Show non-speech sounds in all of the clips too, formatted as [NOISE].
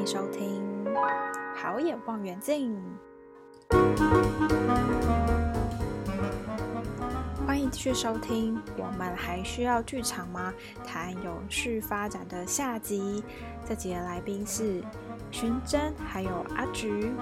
歡迎收聽好野望遠鏡，歡迎繼續收聽。我們還需要劇場嗎？談永續發展的下集。這集的來賓是珣甄還有阿橘。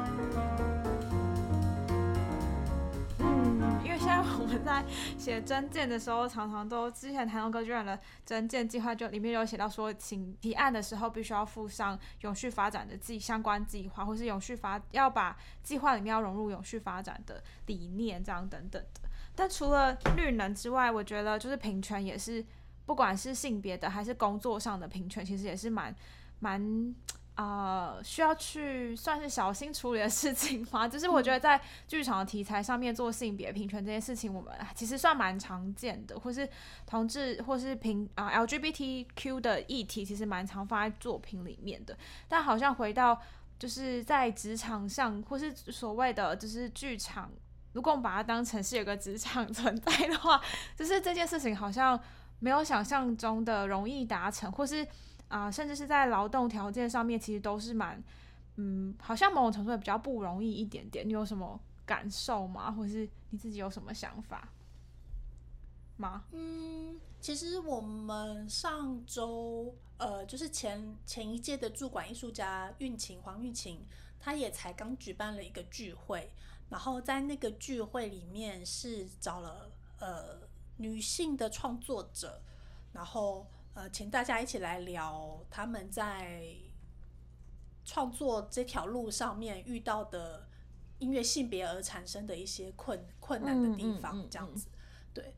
我們在寫徵件的時候常常都之前台灣歌劇院的徵件計劃，就裡面有寫到說，請提案的時候必須要附上永續發展的計、相關計劃，或是永續發，要把計劃裡面，要融入永續發展的理念，這樣等等的。但除了綠能之外，我覺得就是平權也是，不管是性別的還是工作上的平權，其實也是蠻蠻。啊、呃，需要去算是小心處理的事情吧，就是我覺得在劇場的題材上面做性別、嗯、平權這件事情，我們其實算蠻常見的，或是同志或是平啊、呃、LGBTQ 的議題，其實蠻常放在作品裡面的。但好像回到就是在職場上，或是所謂的就是劇場，如果我們把它當成是有個職場存在的話，就是這件事情好像沒有想象中的容易達成，或是。啊，甚至是在勞動條件上面，其實都是蠻，嗯，好像某種程度也比較不容易一點點。你有什麼感受嗎？或者是你自己有什麼想法嗎？嗯，其實我們上周，呃，就是前前一屆的駐館藝術家運琴黃玉琴，她也才剛舉辦了一個聚會，然後在那個聚會裡面是找了呃女性的創作者，然後呃，請大家一起來聊他們在創作這條路上面遇到的音樂性別而產生的一些困困難的地方，這樣子。嗯嗯嗯、對，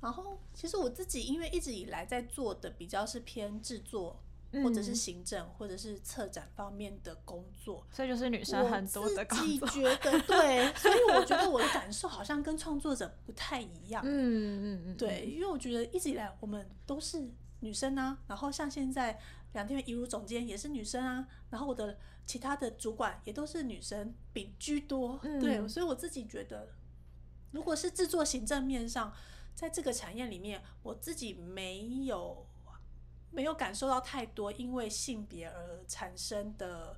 然後其實我自己因為一直以來在做的比較是偏製作或者是行政或者是策展方面的工作，嗯、所以就是女生很多的感覺對，所以我覺得我的感受好像跟創作者不太一樣。嗯嗯嗯，嗯對，因為我覺得一直以來我們都是。女生啊，然後像現在兩廳院藝術總監也是女生啊，然後我的其他的主管也都是女生，比居多。對，嗯、所以我自己覺得，如果是製作行政面上，在這個產業裡面，我自己沒有沒有感受到太多因為性別而產生的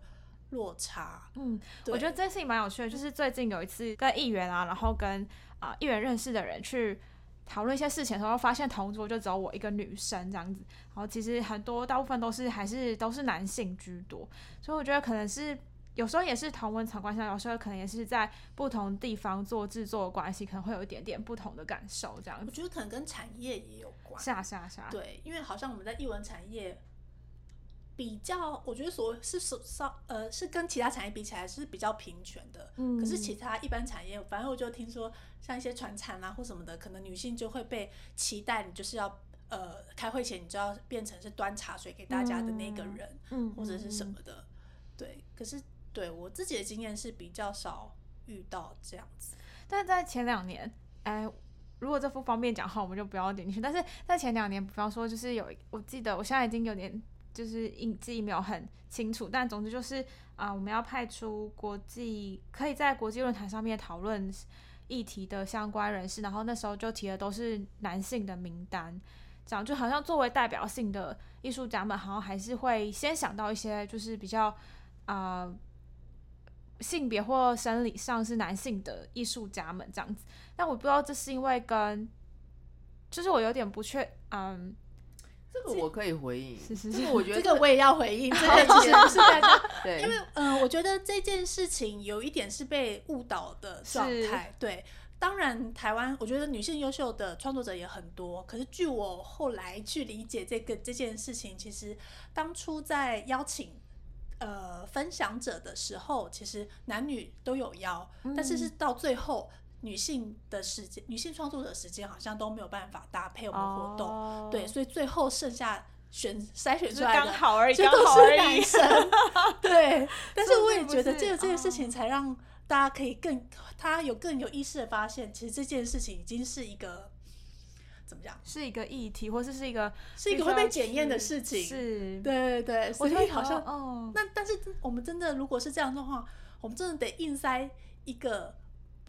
落差。嗯，對我覺得這件事情蠻有趣的，就是最近有一次跟議員啊，然後跟啊、呃、議員認識的人去。討論一些事情的時候，發現同桌就只有我一個女生這樣子，然後其實很多大部分都是還是都是男性居多，所以我覺得可能是有時候也是同文場關係，有時候可能也是在不同地方做制作關係，可能會有一點點不同的感受這樣子。我覺得可能跟產業也有關。下下下。啊啊、對，因為好像我們在藝文產業。比較，我覺得所謂是所上呃，是跟其他產業比起來是比較平權的。嗯、可是其他一般產業，反正我就聽說，像一些傳產啊或什麼的，可能女性就會被期待，你就是要呃，開會前你就要變成是端茶水給大家的那個人，嗯，或者是什麼的。嗯、對。可是，對我自己的經驗是比較少遇到這樣子。但在前兩年，哎、呃，如果這不方便講話，我們就不要點進去。但是在前兩年，比方說，就是有，我記得我現在已經有點。就是印，自己沒有很清楚，但總之就是啊、呃，我們要派出國際可以在國際論壇上面討論議題的相關人士，然後那時候就提的都是男性的名單，講就好像作為代表性的藝術家們，好像還是會先想到一些就是比較啊、呃、性別或生理上是男性的藝術家們這樣子，但我不知道這是因為跟，就是我有點不確，嗯。這個我可以回應，這，這個我覺得、這個、這個我也要回應，這個其實 [LAUGHS] 不是在為對，因為嗯，我覺得這件事情有一點是被誤導的狀態，是對。當然，台灣我覺得女性優秀的創作者也很多，可是據我後來去理解這個這件事情，其實當初在邀請呃分享者的時候，其實男女都有邀，嗯、但是是到最後。女性的時間，女性創作者時間好像都沒有辦法搭配我們的活動，oh. 對，所以最後剩下選篩選出來剛好而已剛好而已。 [LAUGHS] 對，但是我也覺得這個這件事情才讓大家可以更，他、oh. 有更有意識的發現，其實這件事情已經是一個怎麼講，是一個議題，或者是，是一個是一個會被檢驗的事情，是對對對，所以好像哦，oh. 那但是我們真的如果是這樣的話，我們真的得硬塞一個。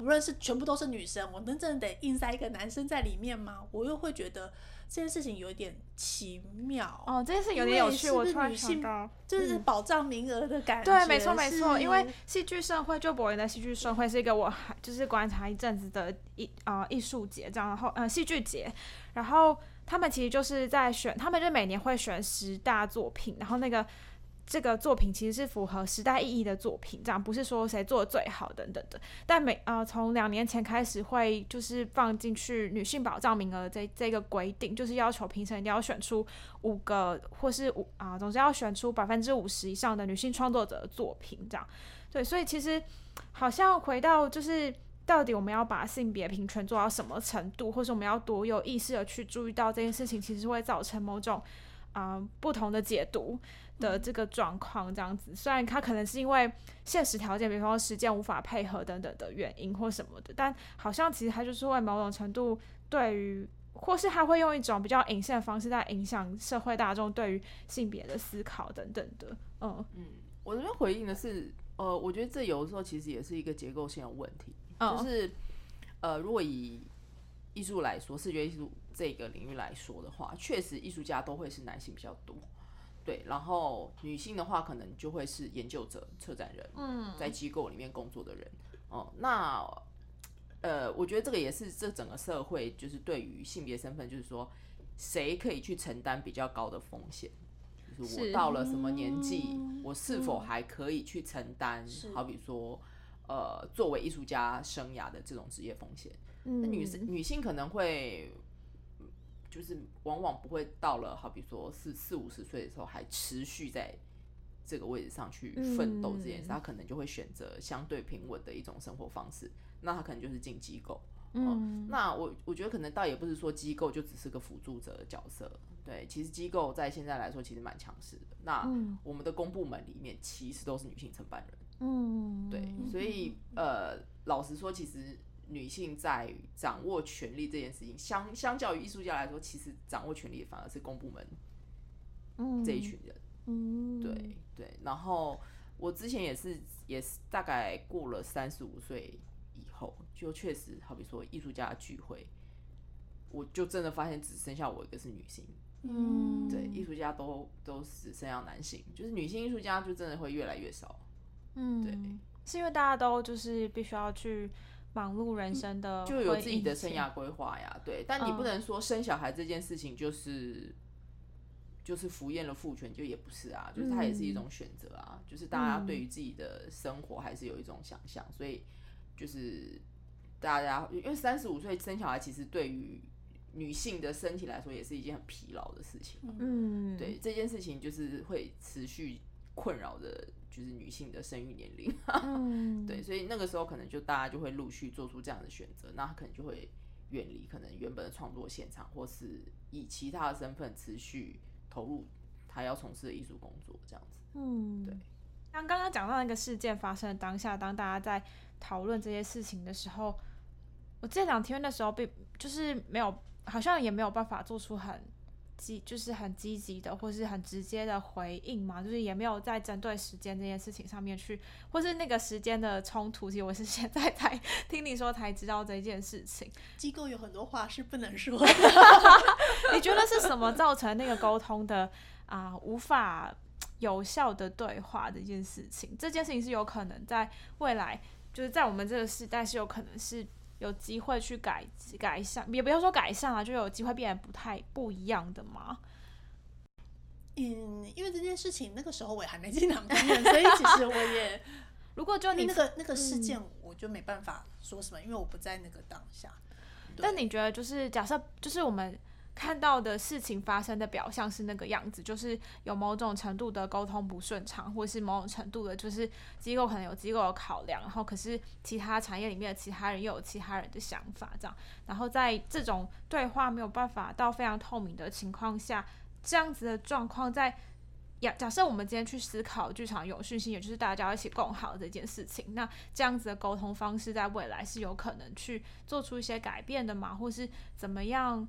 不論是全部都是女生，嗯、我能真正得硬塞一個男生在裡面嗎？我又會覺得這件事情有點奇妙哦，這件事有點有趣。是是我突然想到，嗯、就是保障名額的感覺。對，沒錯沒錯，因為戲劇盛會，是嗎？就柏林的戲劇盛會是一個我就是觀察一陣子的藝啊藝術節，然後呃戲劇節，然後他們其實就是在選，他們就每年會選十大作品，然後那個。這個作品其實是符合時代意義的作品，這樣不是說誰做的最好的等等的。但每啊、呃，從兩年前開始會就是放進去女性保障名額的這這個規定，就是要求評審一定要選出五個或是五啊、呃，總之要選出百分之五十以上的女性創作者的作品，這樣。對，所以其實好像回到就是到底我們要把性別平權做到什麼程度，或是我們要多有意識的去注意到這件事情，其實會造成某種啊、呃，不同的解讀。的這個狀況這樣子，雖然他可能是因為現實條件，比方說時間無法配合等等的原因或什麼的，但好像其實他就是會某種程度對於，或是他會用一種比較隱性的方式在影響社會大眾對於性別的思考等等的。嗯嗯，我這邊回應的是，呃，我覺得這有的時候其實也是一個結構性的問題，嗯，就是，呃，如果以藝術來說，視覺藝術這個領域來說的話，確實藝術家都會是男性比較多。對，然後女性的話，可能就會是研究者、策展人，嗯，在機構裡面工作的人。哦、呃，那呃，我覺得這個也是這整個社會，就是對於性別身份，就是說，誰可以去承擔比較高的風險？就是我到了什麼年紀，我是否還可以去承擔？是好比說，呃，作為藝術家生涯的這種職業風險，嗯、那女生女性可能會。就是往往不會到了，好比說是四,四五十歲的時候，還持續在這個位置上去奮鬥這件事，嗯、他可能就會選擇相對平穩的一種生活方式。那他可能就是進機構。嗯，嗯，那我我覺得可能倒也不是說機構就只是個輔助者的角色，對，其實機構在現在來說其實蠻強勢的。那我們的公部門裡面其實都是女性承辦人，嗯，對，所以呃，老實說，其實。女性在掌握權力這件事情，相相較於藝術家來說，其實掌握權力反而是公部門，這一群人，嗯，對對。然後我之前也是也是大概過了三十五歲以後，就確實好比說藝術家聚會，我就真的發現只剩下我一個是女性，嗯，對，藝術家都都只剩下男性，就是女性藝術家就真的會越來越少，嗯，對，是因為大家都就是必須要去。忙碌人生的就有自己的生涯規劃呀，對，但你不能說生小孩這件事情就是、uh, 就是敷衍了父權，就也不是啊，嗯、就是它也是一種選擇啊，就是大家對於自己的生活還是有一種想象，嗯、所以就是大家因為三十五歲生小孩，其實對於女性的身體來說也是一件很疲勞的事情，嗯，對，這件事情就是會持續。困擾的，就是女性的生育年齡，嗯、對，所以那個時候可能就大家就會陸續做出這樣的選擇，那可能就會遠離可能原本的創作現場，或是以其他的身份持續投入他要從事的藝術工作，這樣子。嗯，對。當剛剛講到那個事件發生的當下，當大家在討論這些事情的時候，我這兩天的時候並就是沒有，好像也沒有辦法做出很。積，就是很積極的，或是很直接的回應嘛，就是也沒有在針對時間這件事情上面去，或是那個時間的衝突。其實我是現在才聽你說才知道這件事情。機構有很多話是不能說的。 [LAUGHS] [LAUGHS] 你覺得是什麼造成那個溝通的啊、呃、無法有效的對話這件事情？這件事情是有可能在未來，就是在我們這個時代是有可能是。有機會去改改善，也不要說改善啊，就有機會變得不太不一樣的嘛。嗯，因為這件事情那個時候我也還沒進南平，所以其實我也，如果就你那個那個事件，我就沒辦法說什麼，嗯，因為我不在那個當下。但你覺得，就是假設，就是我們。看到的事情發生的表象是那個樣子，就是有某種程度的溝通不順暢，或是某種程度的，就是機構可能有機構的考量，然後可是其他產業裡面的其他人又有其他人的想法，這樣。然後在這種對話沒有辦法到非常透明的情況下，這樣子的狀況在，假假設我們今天去思考劇場永續性，也就是大家一起共好這件事情，那這樣子的溝通方式在未來是有可能去做出一些改變的嗎？或是怎麼樣？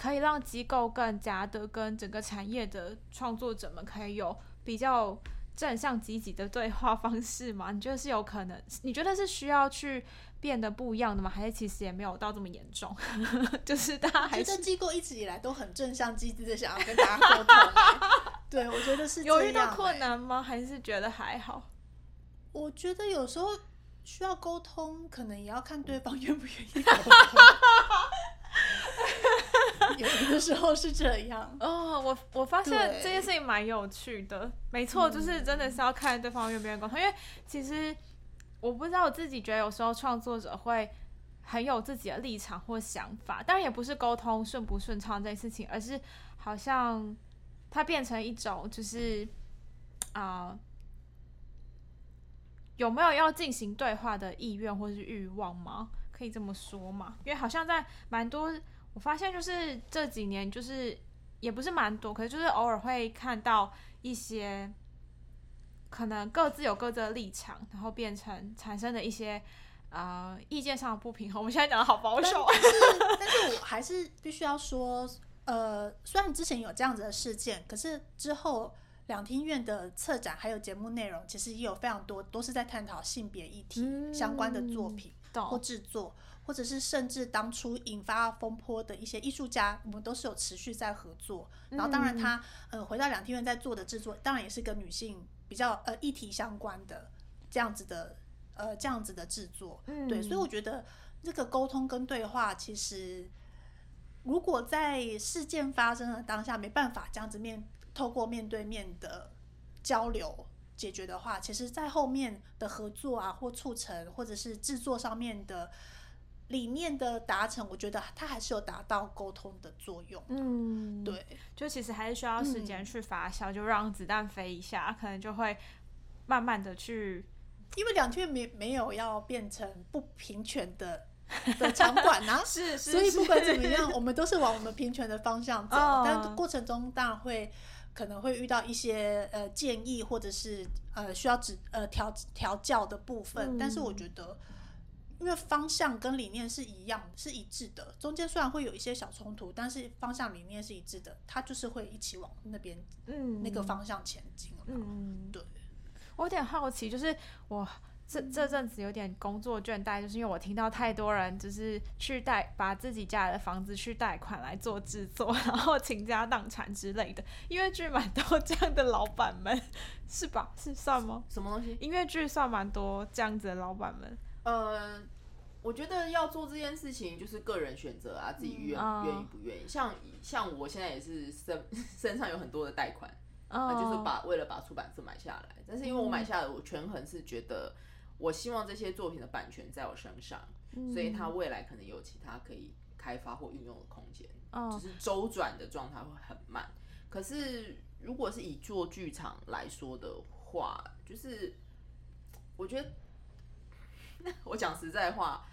可以讓機構更加的跟整個產業的創作者們，可以有比較正向積極的對話方式嗎？你覺得是有可能？你覺得是需要去變得不一樣的嗎？還是其實也沒有到這麼嚴重？ [LAUGHS] 就是大家還是機構一直以來都很正向積極的想要跟大家溝通、欸。 [LAUGHS] 對我覺得是、欸、有遇到困難嗎？還是覺得還好？我覺得有時候需要溝通，可能也要看對方願不願意溝通。 [LAUGHS] 有的時候是這樣哦，我我發現這件事情蠻有趣的，對沒錯，就是真的是要看對方願不願意溝通。嗯、因為其實我不知道，我自己覺得，有時候創作者會很有自己的立場或想法，當然也不是溝通順不順暢這件事情，而是好像它變成一種就是啊、呃，有沒有要進行對話的意願或是欲望嗎？可以這麼說嗎？因為好像在蠻多。我發現就是這幾年，就是也不是蠻多，可是就是偶爾會看到一些，可能各自有各自的立場，然後變成產生的一些呃意見上的不平衡。我們現在講的好保守啊，但是 [LAUGHS] 但是我還是必須要說，呃，雖然之前有這樣子的事件，可是之後兩廳院的策展還有節目內容，其實也有非常多都是在探討性別議題相關的作品或制作。嗯或者是甚至當初引發風波的一些藝術家，我們都是有持續在合作。然後，當然他、嗯、呃回到兩廳院在做的製作，當然也是跟女性比較呃議題相關的這樣子的呃這樣子的製作。嗯，對，所以我覺得這個溝通跟對話，其實如果在事件發生的當下沒辦法這樣子面透過面對面的交流解決的話，其實在後面的合作啊或促成或者是製作上面的。裡面的達成，我覺得它還是有達到溝通的作用，啊。嗯，對，就其實還是需要時間去發酵，嗯，就讓子彈飛一下，可能就會慢慢的去，因為兩天沒沒有要變成不平權的的場館呢，是，是，所以不管怎麼樣， [LAUGHS] 我們都是往我們平權的方向走，哦，但過程中當然會可能會遇到一些呃建議或者是呃需要指呃調調教的部分，嗯，但是我覺得。因為方向跟理念是一樣，是一致的。中間雖然會有一些小衝突，但是方向理念是一致的，它就是會一起往那邊，嗯，那個方向前進。嗯，對。我有點好奇，就是我這這陣子有點工作倦怠，就是因為我聽到太多人就是去貸，把自己家的房子去貸款來做制作，然後傾家蕩產之類的。音樂劇蠻多這樣的老板們，是吧？是算嗎？什麼東西？音樂劇算蠻多這樣子的老板們。呃，我覺得要做這件事情就是個人選擇啊，自己願願意不願意。嗯哦、像像我現在也是身身上有很多的貸款，啊、哦，那就是把為了把出版社買下來。但是因為我買下來，我權衡是覺得，我希望這些作品的版權在我身上，嗯、所以它未來可能有其他可以開發或運用的空間。嗯、就是周轉的狀態會很慢。可是如果是以做劇場來說的話，就是我覺得。我講實在話，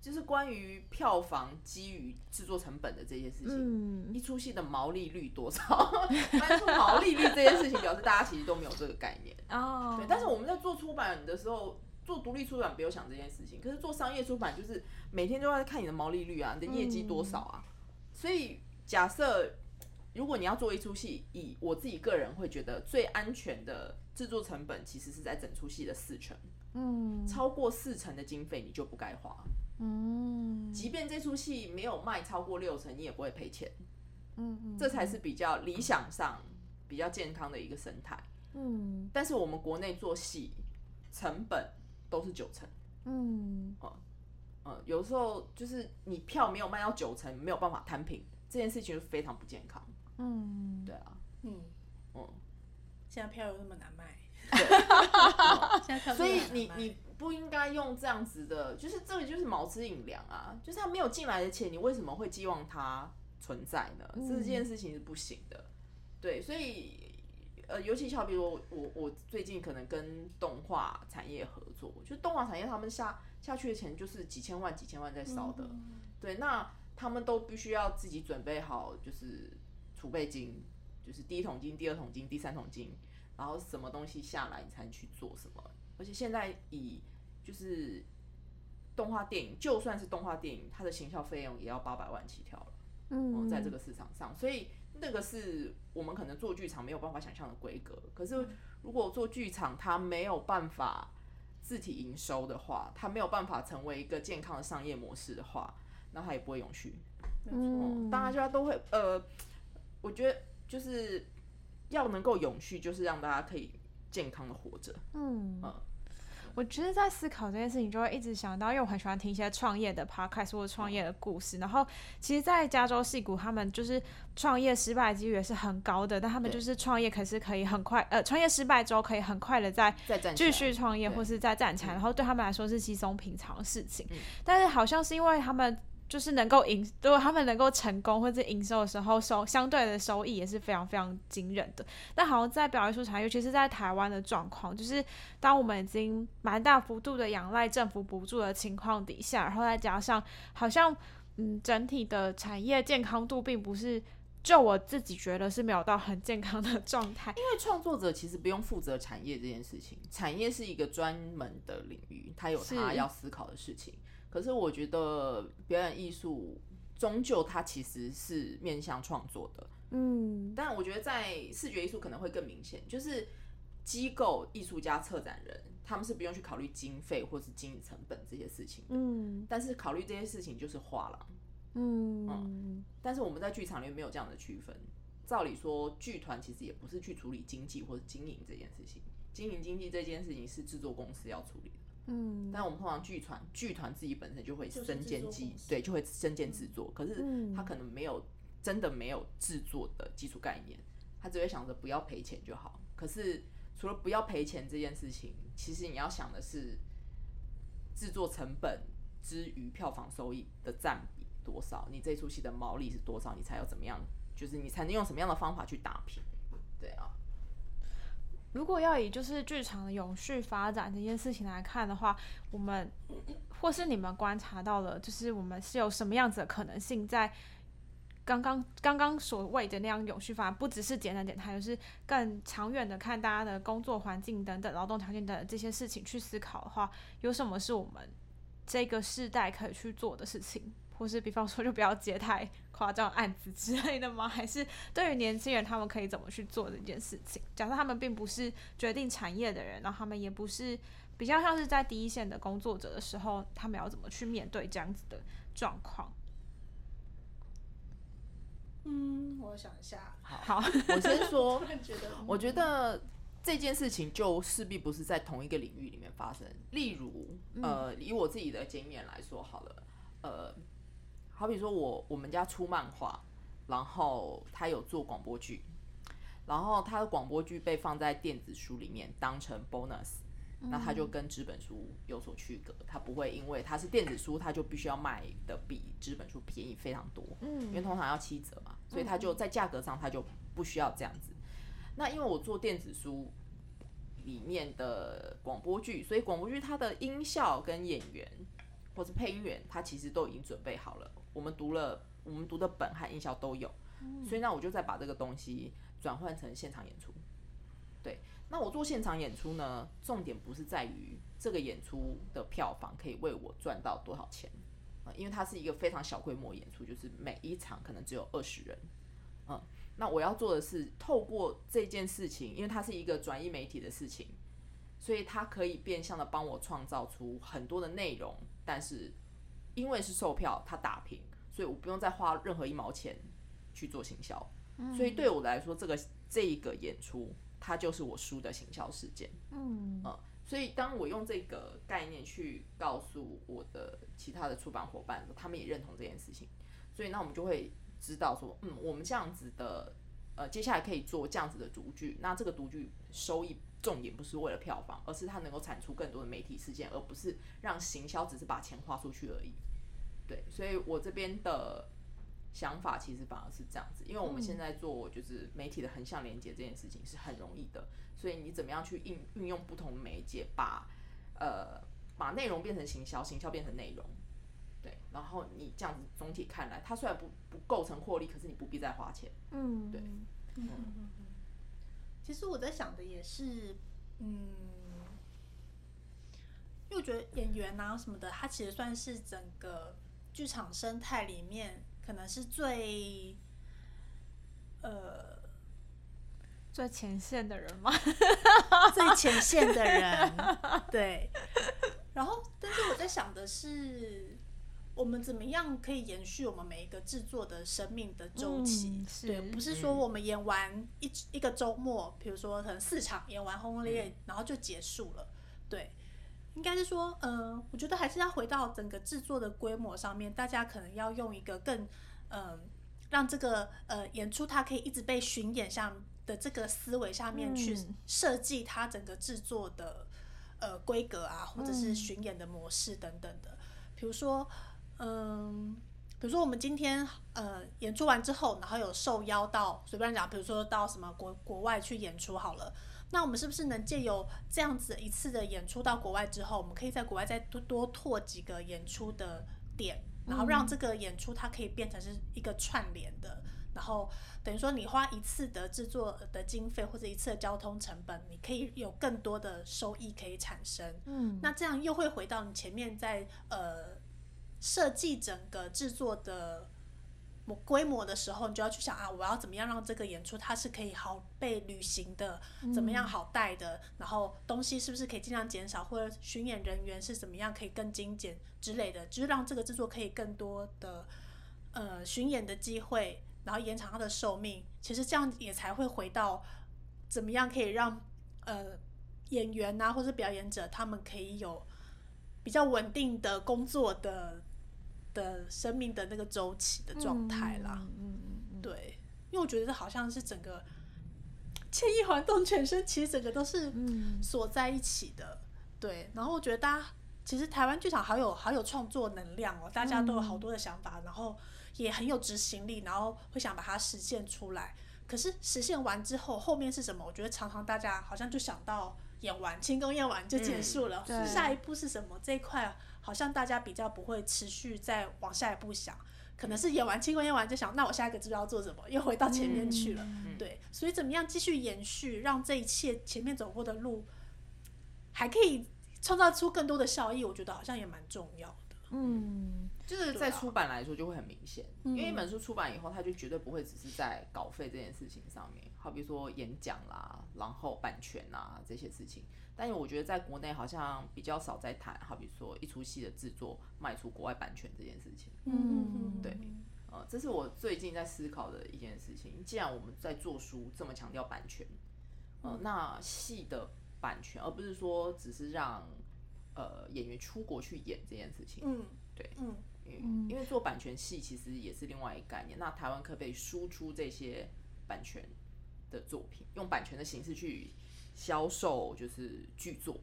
就是關於票房基於制作成本的這些事情，嗯，一出戲的毛利率多少？關 [LAUGHS] 出毛利率這件事情，表示大家其實都沒有這個概念哦，對。但是我們在做出版的時候，做獨立出版不用想這件事情，可是做商業出版就是每天都要看你的毛利率啊，你的業績多少啊。嗯，所以假設如果你要做一出戲，以我自己個人會覺得最安全的制作成本，其實是在整出戲的四成。嗯，超過四成的經費你就不該花。嗯，即便這出戲沒有賣超過六成，你也不會賠錢，嗯。嗯，這才是比較理想上、比較健康的一個生態。嗯，但是我們國內做戲成本都是九成。嗯，哦、嗯嗯，有時候就是你票沒有賣到九成，沒有辦法攤平，這件事情非常不健康。嗯，對啊。嗯嗯，現在票又那麼難賣。所以你你不應該用這樣子的，就是這個就是卯吃寅糧啊，就是他沒有進來的錢，你為什麼會寄望它存在呢？嗯、這件事情是不行的。對，所以呃，尤其像比如我我，我最近可能跟動畫產業合作，就是動畫產業他們下下去的錢就是幾千萬幾千萬在燒的，嗯、對，那他們都必須要自己準備好，就是儲備金，就是第一桶金、第二桶金、第三桶金。然後什麼東西下來，你才能去做什麼？而且現在以就是動畫電影，就算是動畫電影，它的行銷費用也要八百萬起跳了。嗯，嗯，在這個市場上，所以那個是我們可能做劇場沒有辦法想象的規格。可是如果做劇場，它沒有辦法自體營收的話，它沒有辦法成為一個健康的商業模式的話，那它也不會永續。沒錯，大家、嗯、都會呃，我覺得就是。要能夠永續，就是讓大家可以健康的活着。嗯，嗯，我覺得在思考這件事情，就會一直想到，因為我很喜歡聽一些創業的 podcast 或者創業的故事。嗯、然後，其實，在加州矽谷，他們就是創業失敗幾率也是很高的，但他們就是創業可是可以很快，對呃，創業失敗之後可以很快的再再繼續創業，或是再站起來。對然後對他們來說是稀鬆平常的事情。嗯、但是好像是因為他們。就是能夠盈，如果他們能夠成功或是營收的時候收，收相對的收益也是非常非常驚人的。但好像在表演出產業，尤其是在台灣的狀況，就是當我們已經蠻大幅度的仰賴政府補助的情況底下，然後再加上好像嗯整體的產業健康度並不是，就我自己覺得是沒有到很健康的狀態。因為創作者其實不用負責產業這件事情，產業是一個專門的領域，他有他要思考的事情。可是我覺得表演藝術終究它其實是面向創作的，嗯，但我覺得在視覺藝術可能會更明顯，就是機構、藝術家、策展人他們是不用去考慮經費或是經營成本這些事情，嗯，但是考慮這些事情就是畫廊，嗯，嗯，但是我們在劇場裡面沒有這樣的區分，照理說，劇團其實也不是去處理經濟或者經營這件事情，經營經濟這件事情是製作公司要處理的。嗯，但我們通常劇團，劇團自己本身就會身兼機，對，就會身兼製作。嗯、可是他可能沒有真的沒有製作的基礎概念，他只會想着不要賠錢就好。可是除了不要賠錢這件事情，其實你要想的是製作成本之於票房收益的佔比多少，你這出戲的毛利是多少，你才要怎麼樣，就是你才能用什麼樣的方法去打平，對啊。如果要以就是劇場的永續發展這件事情來看的話，我們或是你們觀察到了，就是我們是有什麼樣子的可能性，在剛剛剛剛所謂的那樣永續發展，不只是簡單點談，還就是更長遠的看大家的工作環境等等、勞動條件等等，這些事情去思考的話，有什麼是我們這個世代可以去做的事情？或是比方說，就不要接太誇張的案子之類的嗎？還是對於年輕人，他們可以怎麼去做這件事情？假設他們並不是決定產業的人，然後他們也不是比較像是在第一線的工作者的時候，他們要怎麼去面對這樣子的狀況？嗯，我想一下。好，好 [LAUGHS] 我先說。 [LAUGHS] 我覺得這件事情就勢必不是在同一個領域裡面發生。例如，呃，嗯，以我自己的經驗來說，好了，呃。好比說我，我我們家出漫畫，然後他有做廣播劇，然後他的廣播劇被放在電子書裡面當成 bonus，、嗯、那他就跟紙本書有所區隔，他不會因為他是電子書，他就必須要賣的比紙本書便宜非常多，嗯，因為通常要七折嘛，所以他就在價格上他就不需要這樣子。嗯、那因為我做電子書裡面的廣播劇，所以廣播劇它的音效跟演員或者配音員，他其實都已經準備好了。我們讀了，我們讀的本和音效都有，嗯、所以那我就再把這個東西轉換成現場演出。對，那我做現場演出呢，重點不是在於這個演出的票房可以為我賺到多少錢啊、嗯，因為它是一個非常小規模演出，就是每一場可能只有二十人。嗯，那我要做的是透過這件事情，因為它是一個轉移媒體的事情，所以它可以變相的幫我創造出很多的內容，但是。因為是售票，它打平，所以我不用再花任何一毛錢去做行銷，嗯、所以對我來說，這個這一個演出，它就是我輸的行銷事件。嗯，嗯，所以當我用這個概念去告訴我的其他的出版夥伴，他們也認同這件事情，所以那我們就會知道說，嗯，我們這樣子的，呃，接下來可以做這樣子的讀劇，那這個讀劇收益。重點不是為了票房，而是它能夠產出更多的媒體事件，而不是讓行銷只是把錢花出去而已。對，所以我這邊的想法其實反而是這樣子，因為我們現在做就是媒體的橫向連接這件事情是很容易的，所以你怎麼樣去運運用不同媒介，把呃把內容變成行銷，行銷變成內容，對，然後你這樣子總體看來，它雖然不不構成獲利，可是你不必再花錢。嗯，對，嗯嗯。 [LAUGHS] 其實我在想的也是，嗯，因為我覺得演員啊什麼的，他其實算是整個劇場生態裡面可能是最，呃，最前線的人嗎？最前線的人， [LAUGHS] 對。然後，但是我在想的是。我們怎麼樣可以延續我們每一個製作的生命的週期？嗯、對，不是說我們演完一、嗯、一個週末，比如說可能四場演完轟轟烈烈，嗯、然後就結束了。對，應該是說，嗯、呃，我覺得還是要回到整個製作的規模上面，大家可能要用一個更嗯、呃，讓這個呃演出它可以一直被巡演下的這個思維下面去設計它整個製作的呃規格啊，或者是巡演的模式等等的，比如說。嗯，比如說我們今天呃演出完之後，然後有受邀到隨便講，比如說到什麼國國外去演出好了，那我們是不是能借由這樣子一次的演出到國外之後，我們可以在國外再多多拓幾個演出的點，然後讓這個演出它可以變成是一個串聯的，嗯、然後等於說你花一次的制作的經費或者一次的交通成本，你可以有更多的收益可以產生。嗯，那這樣又會回到你前面在呃。設計整個制作的規模的時候，你就要去想啊，我要怎麼樣讓這個演出它是可以好被旅行的，怎麼樣好帶的，嗯、然後東西是不是可以盡量減少，或者巡演人員是怎麼樣可以更精簡之類的，就是讓這個制作可以更多的呃巡演的機會，然後延長它的壽命。其實這樣也才會回到怎麼樣可以讓呃演員啊或者表演者他們可以有比較穩定的工作的。的生命的那個週期的狀態啦，嗯，嗯，嗯對，因為我覺得好像是整個牽一環動全身，其實整個都是鎖在一起的，嗯、對。然後我覺得大家其實台灣劇場好有好有創作能量哦，大家都有好多的想法，嗯、然後也很有執行力，然後會想把它實現出來。可是實現完之後，後面是什麼？我覺得常常大家好像就想到演完、慶功宴完就結束了，嗯、下一步是什麼這一塊、啊？好像大家比較不會持續再往下一步想，可能是演完慶功演完就想，那我下一個知道要做什麼？又回到前面去了。嗯嗯、對，所以怎麼樣繼續延續，讓這一切前面走過的路還可以創造出更多的效益，我覺得好像也蠻重要的。嗯，啊、就是在出版來說就會很明顯，因為一本書出版以後，它就絕對不會只是在稿費這件事情上面，好比說演講啦，然後版權啊這些事情。但我覺得在國內好像比較少在談，好比說一出戲的制作賣出國外版權這件事情。嗯，對，呃，這是我最近在思考的一件事情。既然我們在做書這麼強調版權，呃，那戲的版權，而不是說只是讓呃演員出國去演這件事情。嗯，對，嗯，因為做版權戲其實也是另外一個概念。那台灣可不可以輸出這些版權的作品，用版權的形式去銷售就是劇作，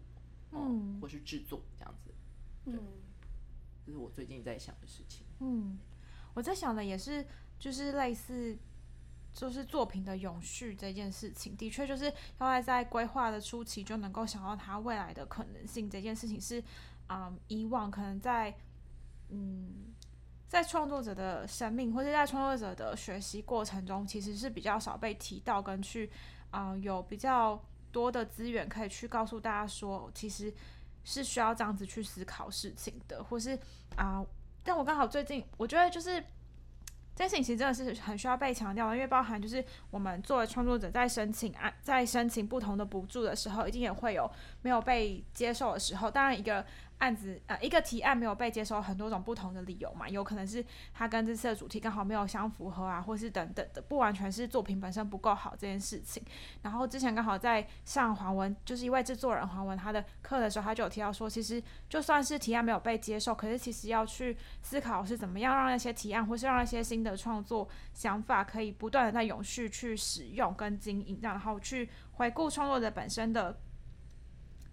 嗯，嗯，或是制作這樣子，嗯，這是我最近在想的事情。嗯，我在想的也是，就是類似，就是作品的永續這件事情，的確就是要在在規劃的初期就能夠想到它未來的可能性。這件事情是啊、嗯，以往可能在嗯，在創作者的生命或是在創作者的學習過程中，其實是比較少被提到跟去啊、嗯、有比較。多的資源可以去告訴大家說，其實是需要這樣子去思考事情的，或是啊，但我剛好最近我覺得就是這件事情其實真的是很需要被強調，因為包含就是我們作為創作者在申請啊，在申請不同的補助的時候，一定也會有沒有被接受的時候。當然一個。案子呃，一個提案沒有被接受。很多種不同的理由嘛，有可能是它跟這次的主題剛好沒有相符合啊，或是等等的，不完全是作品本身不夠好這件事情。然後之前剛好在上黃文，就是一位制作人黃文他的課的時候，他就有提到說，其實就算是提案沒有被接受，可是其實要去思考是怎麼樣讓那些提案或是讓那些新的創作想法可以不斷的在永續去使用跟經營，然後去回顧創作者本身的。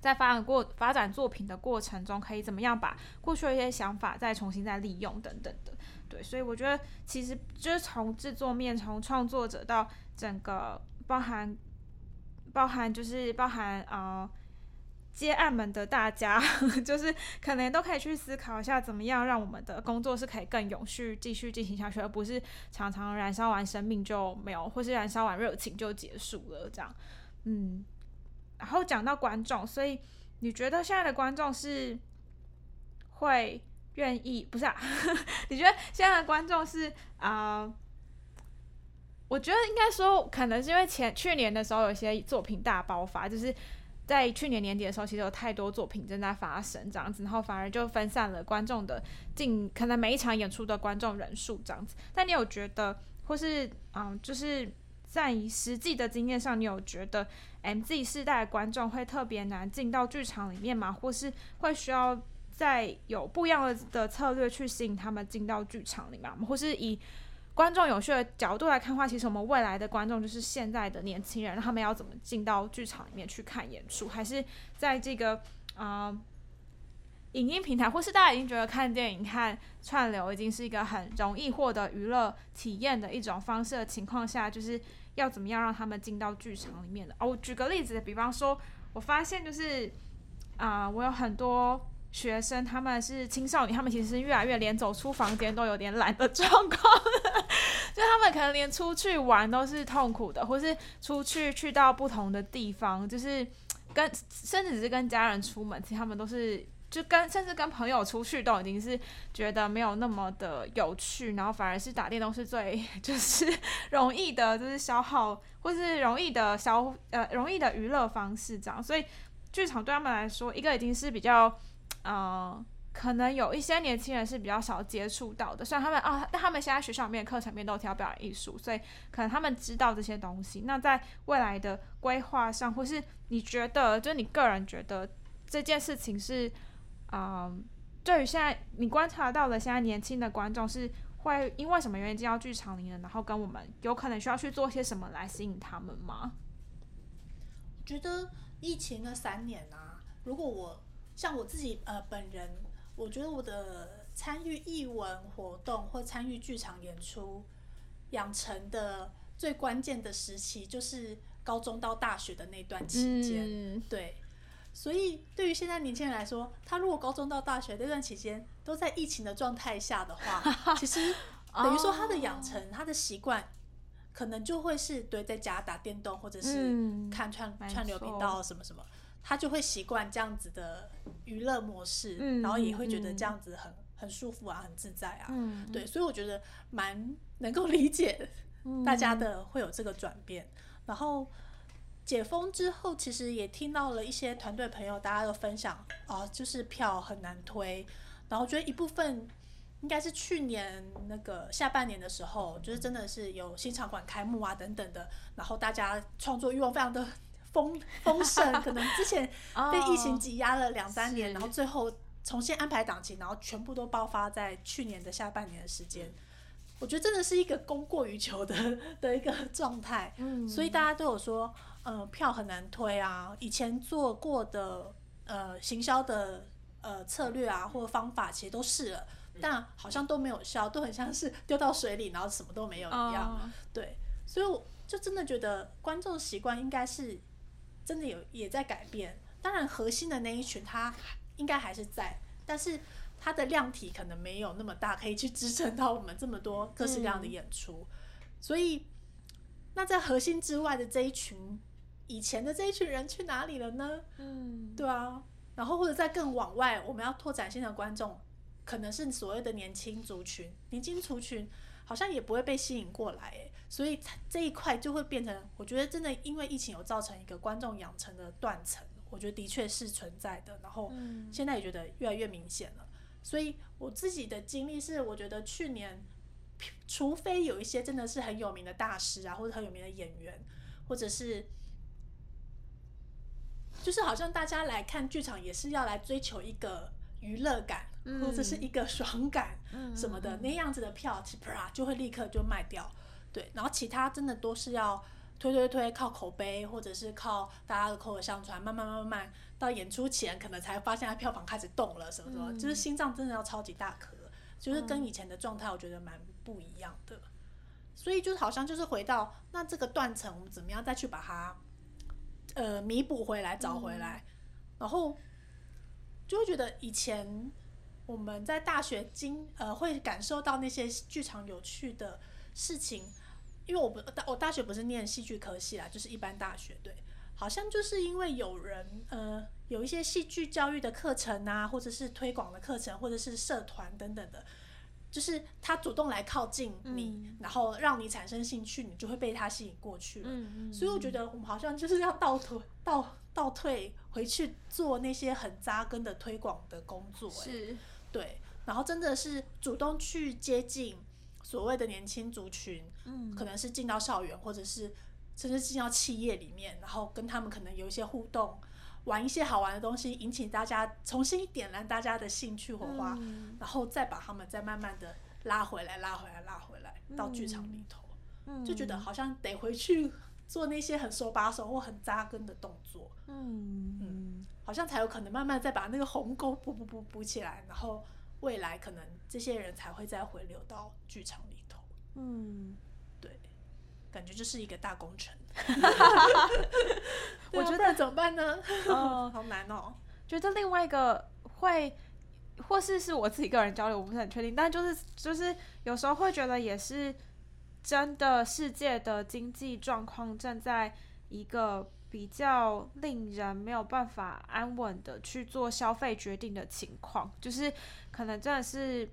在發展過發展作品的過程中，可以怎麼樣把過去的一些想法再重新再利用等等的，對，所以我覺得其實就是從製作面，從創作者到整個包含包含就是包含啊、呃、接案門的大家呵呵，就是可能都可以去思考一下，怎麼樣讓我們的工作是可以更永續繼續進行下去，而不是常常燃燒完生命就沒有，或是燃燒完熱情就結束了這樣，嗯。然後講到觀眾，所以你覺得現在的觀眾是會願意？不是啊？ [LAUGHS] 你覺得現在的觀眾是啊、呃？我覺得應該說，可能是因為前去年的時候，有些作品大爆發，就是在去年年底的時候，其實有太多作品正在發生這樣子，然後反而就分散了觀眾的進，可能每一場演出的觀眾人數這樣子。但你有覺得，或是嗯、呃，就是。在實際的經驗上，你有覺得 MZ 世代的觀眾會特別難進到劇場裡面嗎？或是會需要再有不一樣的策略去吸引他們進到劇場裡面嗎？或是以觀眾有趣的角度來看話，其實我們未來的觀眾就是現在的年輕人，他們要怎麼進到劇場裡面去看演出，還是在這個啊？呃影音平台，或是大家已經覺得看電影看、看串流已經是一個很容易獲得娛樂體驗的一種方式的情況下，就是要怎麼樣讓他們進到劇場裡面的哦？我舉個例子，比方說，我發現就是啊、呃，我有很多學生，他們是青少年，他們其實是越來越連走出房間都有點懶的狀況， [LAUGHS] 就他們可能連出去玩都是痛苦的，或是出去去到不同的地方，就是跟甚至只是跟家人出門，其實他們都是。就跟甚至跟朋友出去都已經是覺得沒有那麼的有趣，然後反而是打電動是最就是容易的，就是消耗或是容易的消呃容易的娛樂方式這樣。所以劇場對他們來說，一個已經是比較呃，可能有一些年輕人是比較少接觸到的。雖然他們啊，但他們現在學校裡面課程面都提到表演藝術，所以可能他們知道這些東西。那在未來的規劃上，或是你覺得，就是你個人覺得這件事情是。啊，um, 對於現在你觀察到了，現在年輕的觀眾是會因為什麼原因進到劇場裡呢？然後跟我們有可能需要去做些什麼來吸引他們嗎？我覺得疫情那三年啊，如果我像我自己呃本人，我覺得我的參與藝文活動或參與劇場演出養成的最關鍵的時期，就是高中到大學的那段期間，嗯，對。所以，對於現在年輕人來說，他如果高中到大學這段期間都在疫情的狀態下的話， [LAUGHS] 其實等於說他的養成、 [LAUGHS] 他的習慣，可能就會是對在家打電動，或者是看串、嗯、串流頻道什麼什麼，他就會習慣這樣子的娛樂模式，嗯、然後也會覺得這樣子很、嗯、很舒服啊，很自在啊。嗯、對，所以我覺得蠻能夠理解大家的會有這個轉變，嗯、然後。解封之後，其實也聽到了一些團隊朋友，大家的分享，啊，就是票很難推。然後覺得一部分應該是去年那個下半年的時候，就是真的是有新場館開幕啊等等的，然後大家創作欲望非常的豐豐盛， [LAUGHS] 可能之前被疫情擠壓了兩三年， [LAUGHS] 哦、然後最後重新安排檔期，然後全部都爆發在去年的下半年的時間。我覺得真的是一個供過於求的的一個狀態，嗯、所以大家都有說。嗯，票很難推啊。以前做過的呃行銷的呃策略啊，或者方法，其實都試了，但好像都沒有效，嗯、都很像是丟到水裡，然後什麼都沒有一樣。嗯、對，所以我就真的覺得觀眾習慣應該是真的有也在改變。當然，核心的那一群他應該還是在，但是他的量體可能沒有那麼大，可以去支撐到我們這麼多各式各樣的演出。嗯、所以，那在核心之外的這一群。以前的這一群人去哪裡了呢？嗯，對啊，然後或者再更往外，我們要拓展新的觀眾，可能是所謂的年輕族群，年輕族群好像也不會被吸引過來，誒，所以這一塊就會變成，我覺得真的因為疫情有造成一個觀眾養成的斷層，我覺得的確是存在的，然後現在也覺得越來越明顯了。所以我自己的經歷是，我覺得去年，除非有一些真的是很有名的大師啊，或者很有名的演員，或者是。就是好像大家來看劇場也是要來追求一個娛樂感，嗯、或者是一個爽感什麼的、嗯嗯、那樣子的票是啪，就會立刻就賣掉。對，然後其他真的都是要推推推，靠口碑或者是靠大家口的口口相傳，慢慢，慢慢慢慢到演出前可能才發現票房開始動了什麼什麼，嗯、就是心臟真的要超級大顆，就是跟以前的狀態我覺得蠻不一樣的。嗯、所以就是好像就是回到那這個斷層，我們怎麼樣再去把它？呃，彌補回來，找回來，嗯、然後就會覺得以前我們在大學經呃會感受到那些劇場有趣的事情，因為我不大，我大學不是念戲劇科系啦，就是一般大學對，好像就是因為有人呃有一些戲劇教育的課程啊，或者是推廣的課程，或者是社團等等的。就是他主動來靠近你，嗯，然後讓你產生興趣，你就會被他吸引過去了。嗯嗯。所以我覺得我們好像就是要倒退、倒倒退回去做那些很紮根的推廣的工作欸。是。對，然後真的是主動去接近所謂的年輕族群，嗯，可能是進到校園，或者是甚至進到企業裡面，然後跟他們可能有一些互動。玩一些好玩的東西，引起大家重新點燃大家的興趣火花，嗯、然後再把他們再慢慢的拉回來，拉回來，拉回來到劇場裡頭，嗯、就覺得好像得回去做那些很手把手或很扎根的動作，嗯嗯，好像才有可能慢慢再把那個鴻溝補補補補起來，然後未來可能這些人才會再回流到劇場裡頭，嗯，對。感覺就是一個大工程，我覺得怎麼辦呢？哦， [LAUGHS] 好難哦。覺得另外一個會，或是是我自己個人交流，我不是很確定。但就是就是有時候會覺得也是真的世界的經濟狀況正在一個比較令人沒有辦法安穩的去做消費決定的情況，就是可能真的是。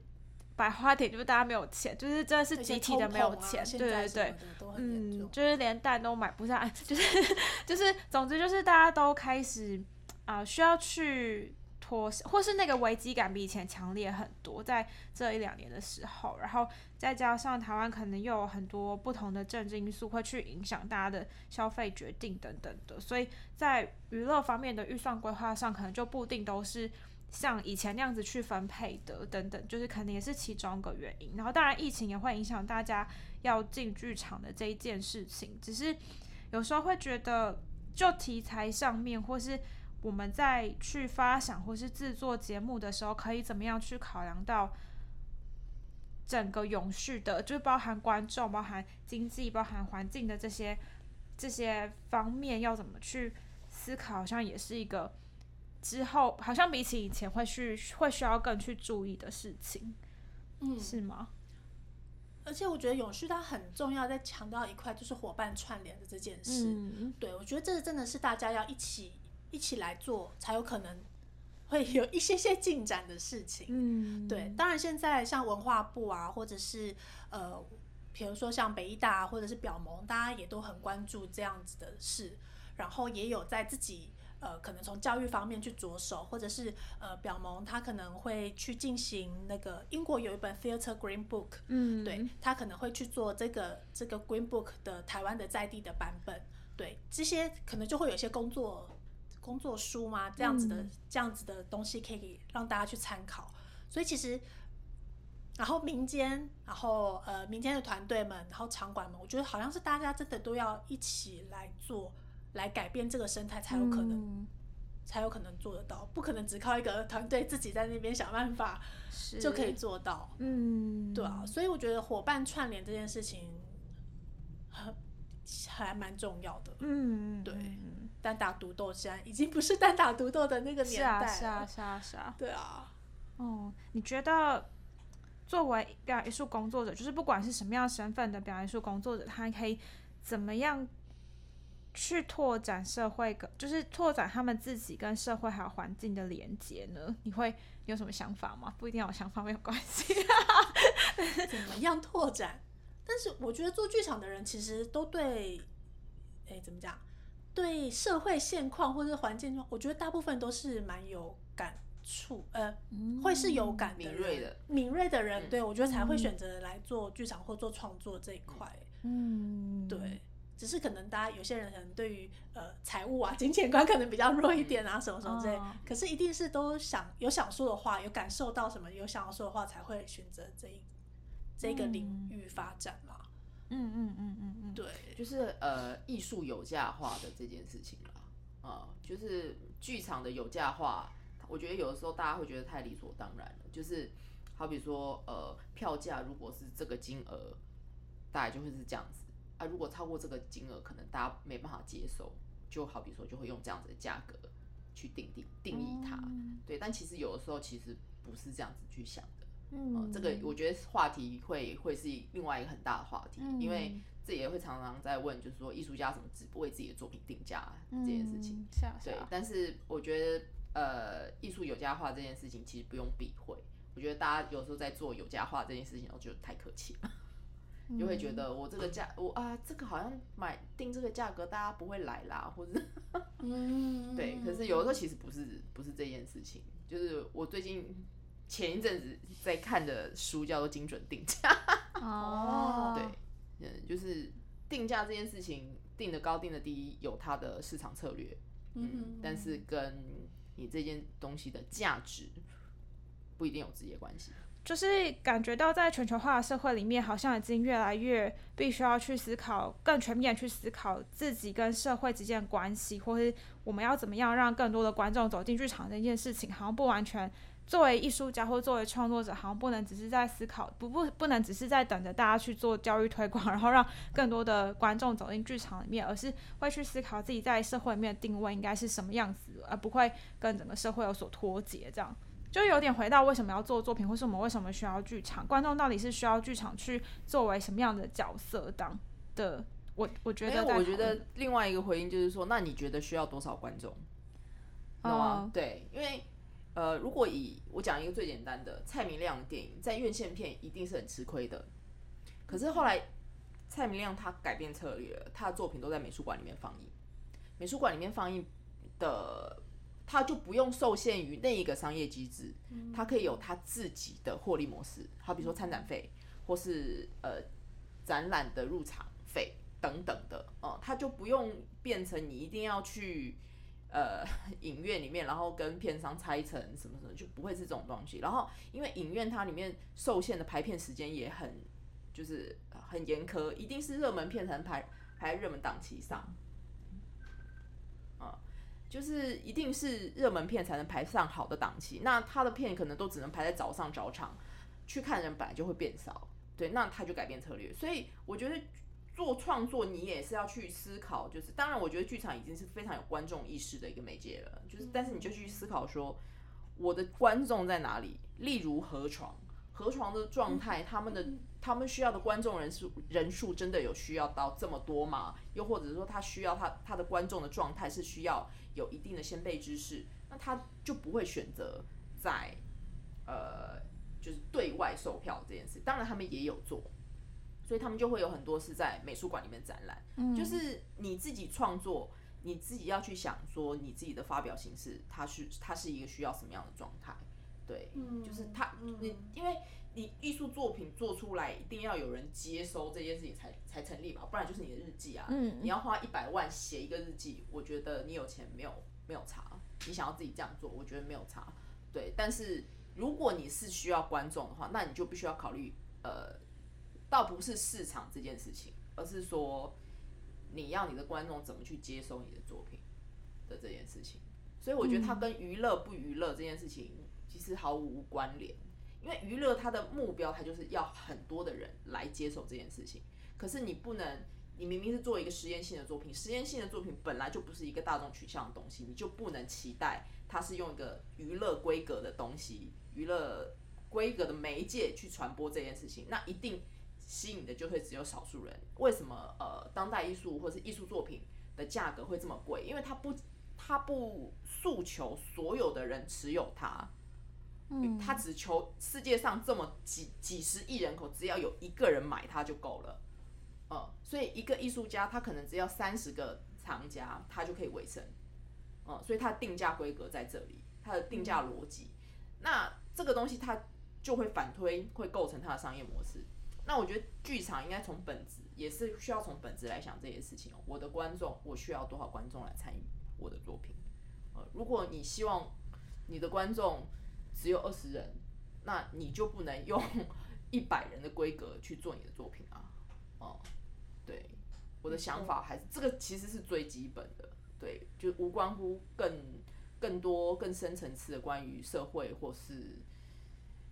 百花點就是大家沒有錢，就是真的是集體的沒有錢，偷偷啊、對對對，嗯，就是連蛋都買不上。就是就是，總之就是大家都開始啊、呃、需要去妥協，或是那個危機感比以前強烈很多，在這一兩年的時候，然後再加上台灣可能又有很多不同的政治因素會去影響大家的消費決定等等的，所以在娛樂方面的預算規劃上可能就不定都是。像以前那樣子去分配的，等等，就是可能也是其中一個原因。然後，當然疫情也會影響大家要進劇場的這一件事情。只是有時候會覺得，就題材上面，或是我們在去發想或是制作節目的時候，可以怎麼樣去考量到整個永續的，就包含觀眾、包含經濟、包含環境的這些這些方面，要怎麼去思考，好像也是一個。之後好像比起以前會去會需要更去注意的事情，嗯，是嗎？而且我覺得永續它很重要，在強調一塊就是夥伴串聯的這件事，嗯、對我覺得這個真的是大家要一起一起來做，才有可能會有一些些進展的事情。嗯，對。當然現在像文化部啊，或者是呃，比如說像北藝大、啊、或者是表盟，大家也都很關注這樣子的事，然後也有在自己。呃，可能從教育方面去着手，或者是呃，表盟他可能會去進行那個英國有一本《Theatre Green Book》，嗯，對，他可能會去做這個這個《Green Book》的台灣的在地的版本，對，這些可能就會有一些工作工作書嘛，這樣子的、嗯、這樣子的東西可以讓大家去參考。所以其實，然後民間，然後呃，民間的團隊們，然後場館們，我覺得好像是大家真的都要一起來做。來改變這個生態才有可能，嗯、才有可能做得到，不可能只靠一個團隊自己在那邊想辦法就可以做到。嗯，對啊，所以我覺得夥伴串聯這件事情還，還，還蠻重要的。嗯，對，嗯、單打獨鬥現在已經不是單打獨鬥的那個年代是，啊，是啊，是啊，是啊，對啊。嗯、哦，你覺得作為表演藝術工作者，就是不管是什麼樣身份的表演藝術工作者，他可以怎麼樣？去拓展社會，就是拓展他們自己跟社會還有環境的連接呢？你會你有什麼想法嗎？不一定要有想法沒有關係啊。 [LAUGHS] 怎麼樣拓展？但是我覺得做劇場的人其實都對，哎，怎麼講？對社會現況或者環境，我覺得大部分都是蠻有感觸，呃，嗯、會是有感敏銳的，敏銳的人，嗯、對我覺得才會選擇來做劇場或做創作這一塊。嗯，對。只是可能大家有些人可能對於呃財務啊金錢觀可能比較弱一點啊、嗯、什麼什麼之類的，嗯哦、可是一定是都想有想說的話，有感受到什麼有想要說的話才會選擇這一、嗯、這一一個領域發展嘛。嗯嗯嗯嗯嗯，嗯嗯嗯對，就是呃藝術有價化的這件事情啦，啊、呃，就是劇場的有價化，我覺得有的時候大家會覺得太理所當然了，就是好比說呃票價如果是這個金額，大概就會是這樣子。啊，如果超過這個金額，可能大家沒辦法接受。就好比說，就會用這樣子的價格去定定定義它。嗯、對，但其實有的時候其實不是這樣子去想的。嗯、呃，這個我覺得話題會會是另外一個很大的話題，嗯、因為這也會常常在問，就是說藝術家怎麼只不為自己的作品定價、嗯、這件事情。笑笑，對，但是我覺得呃，藝術有價化這件事情其實不用避諱。我覺得大家有的時候在做有價化這件事情，我覺得太客氣了。就會覺得我這個價，嗯、我啊，這個好像買定這個價格，大家不會來啦，或者，嗯、 [LAUGHS] 對，可是有的時候其實不是，不是這件事情，就是我最近前一陣子在看的書叫做《精準定價》，哦， [LAUGHS] 對，嗯，就是定價這件事情，定的高定的低有它的市場策略，嗯，嗯，但是跟你這件東西的價值不一定有直接關係。就是感覺到，在全球化的社會裡面，好像已經越來越必須要去思考，更全面去思考自己跟社會之間的關係，或是我們要怎麼樣讓更多的觀眾走進劇場這件事情，好像不完全作為藝術家或作為創作者，好像不能只是在思考，不不不能只是在等着大家去做教育推廣，然後讓更多的觀眾走進劇場裡面，而是會去思考自己在社會裡面的定位應該是什麼樣子，而不會跟整個社會有所脫節這樣。就有點回到為什麼要做作品，或是我們為什麼需要劇場？觀眾到底是需要劇場去作為什麼樣的角色當的？我我覺得我覺得另外一個回應就是說，那你覺得需要多少觀眾？懂嗎？Uh, 對，因為呃，如果以我講一個最簡單的蔡明亮的電影，在院線片一定是很吃虧的。可是後來蔡明亮他改變策略了，他的作品都在美術館裡面放映，美術館裡面放映的。它就不用受限於那一個商業機制，它可以有它自己的獲利模式，好比如說參展費，或是呃展覽的入場費等等的哦、呃，它就不用變成你一定要去呃影院裡面，然後跟片商拆成什麼什麼，就不會是這種東西。然後因為影院它裡面受限的排片時間也很就是很嚴苛，一定是熱門片才能排排在熱門檔期上。就是一定是熱門片才能排上好的檔期，那他的片可能都只能排在早上早場，去看人本來就會變少，對，那他就改變策略。所以我覺得做創作你也是要去思考，就是當然我覺得劇場已經是非常有觀眾意識的一個媒介了，就是但是你就去思考說我的觀眾在哪裡，例如河床。河床的狀態，嗯、他們的他們需要的觀眾人數人數真的有需要到這麼多嗎？又或者說他需要他他的觀眾的狀態是需要有一定的先備知識，那他就不會選擇在呃，就是對外售票這件事。當然他們也有做，所以他們就會有很多是在美術館裡面展覽。嗯、就是你自己創作，你自己要去想說你自己的發表形式，它是它是一個需要什麼樣的狀態。對，嗯、就是他，嗯、你因為你藝術作品做出來，一定要有人接收這件事情才才成立嘛，不然就是你的日記啊。嗯嗯、你要花一百萬寫一個日記，我覺得你有錢沒有沒有差，你想要自己這樣做，我覺得沒有差。對，但是如果你是需要觀眾的話，那你就必須要考慮，呃，倒不是市場這件事情，而是說你要你的觀眾怎麼去接收你的作品的這件事情。所以我覺得它跟娛樂不娛樂這件事情。其實毫無關聯，因為娛樂它的目標，它就是要很多的人來接受這件事情。可是你不能，你明明是做一個實驗性的作品，實驗性的作品本來就不是一個大眾取向的東西，你就不能期待它是用一個娛樂規格的東西、娛樂規格的媒介去傳播這件事情。那一定吸引的就會只有少數人。為什麼，呃，當代藝術或是藝術作品的價格會這麼貴？因為它不，它不訴求所有的人持有它。他只求世界上這麼幾幾十億人口，只要有一個人買它就夠了，呃、嗯，所以一個藝術家他可能只要三十個藏家，他就可以維生，呃、嗯，所以他的定價規格在這裡，他的定價邏輯，嗯、那這個東西他就會反推，會構成他的商業模式。那我覺得劇場應該從本質，也是需要從本質來想這件事情、哦。我的觀眾，我需要多少觀眾來參與我的作品？呃、嗯，如果你希望你的觀眾。只有二十人，那你就不能用一百人的規格去做你的作品啊？哦、嗯，對，我的想法還是，是這個，其實是最基本的。對，就無關乎更更多、更深層次的關於社會或是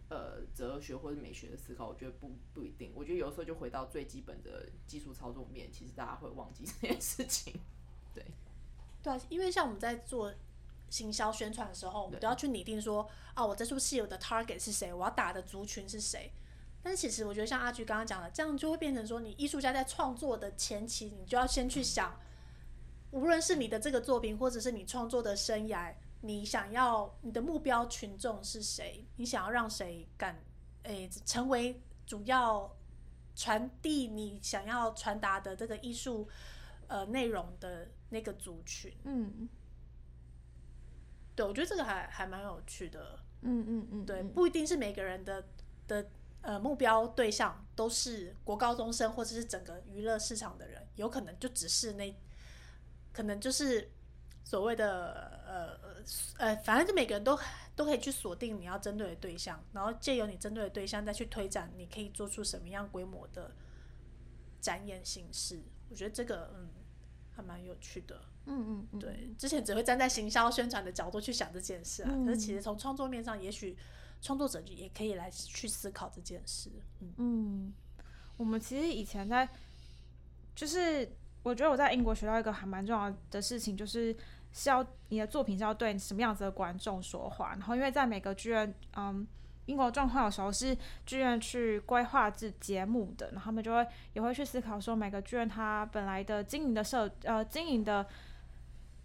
呃哲學或是美學的思考，我覺得不不一定。我覺得有時候就回到最基本的技術操作面，其實大家會忘記這件事情。對，對、啊，因為像我們在做。行銷宣傳的時候，我們都要去擬定說，對啊，我這齣戲有的 target 是誰？我要打的族群是誰？但是其實我覺得，像阿橘剛剛講的，這樣就會變成說，你藝術家在創作的前期，你就要先去想，無論是你的這個作品，或者是你創作的生涯，你想要你的目標群眾是誰？你想要讓誰敢誒、欸、成為主要傳遞你想要傳達的這個藝術呃內容的那個族群？嗯。對，我覺得這個還還蠻有趣的。嗯嗯嗯，嗯嗯對，不一定是每個人的的呃目標對象都是國高中生或者是整個娛樂市場的人，有可能就只是那，可能就是所謂的呃呃，反正就每個人都都可以去鎖定你要針對的對象，然後借由你針對的對象再去推展，你可以做出什麼樣規模的展演形式。我覺得這個嗯。還蠻有趣的，嗯嗯嗯，嗯對，之前只會站在行銷宣傳的角度去想這件事啊，嗯、可是其實從創作面上，也許創作者也可以來去思考這件事。嗯嗯，我們其實以前在，就是我覺得我在英國學到一個還蠻重要的事情，就是是要你的作品是要對什麼樣子的觀眾說話，然後因為在每個劇院，嗯。英國的狀況有時候，是劇院去規劃這節目的，然後他們就會也會去思考說，每個劇院它本來的經營的社呃經營的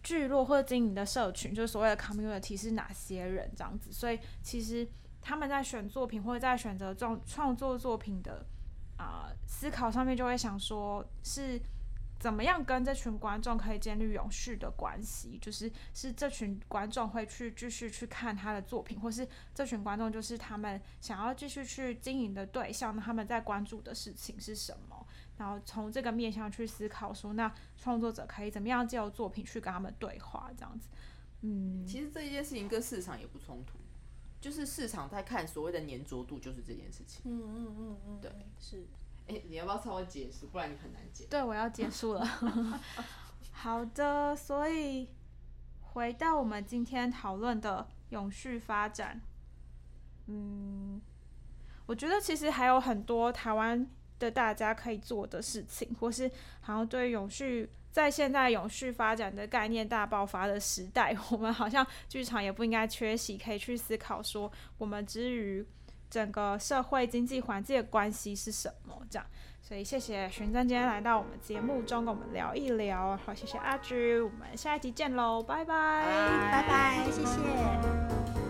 聚落或者經營的社群，就是所謂的 community 是哪些人這樣子。所以其實他們在選作品或者在選擇創創作作品的啊、呃、思考上面，就會想說，是。怎麼樣跟這群觀眾可以建立永續的關係？就是是這群觀眾會去繼續去看他的作品，或是這群觀眾就是他們想要繼續去經營的對象，他們在關注的事情是什麼？然後從這個面向去思考，說那創作者可以怎麼樣借由作品去跟他們對話，這樣子。嗯，其實這件事情跟市場也不衝突，就是市場在看所謂的黏著度，就是這件事情。嗯嗯嗯嗯，嗯嗯對，是。哎、欸，你要不要稍微解釋？不然你很難解。對，我要結束了。 [LAUGHS] [LAUGHS] 好的，所以回到我們今天討論的永續發展，嗯，我覺得其實還有很多台灣的大家可以做的事情，或是好像對永續，在現在永續發展的概念大爆發的時代，我們好像劇場也不應該缺席，可以去思考說我們之於。整個社會經濟環境的關係是什麼？這樣，所以謝謝珣甄今天來到我們節目中跟我們聊一聊，好，謝謝阿橘。我們下一集見嘍，拜拜，拜拜，謝謝。Bye bye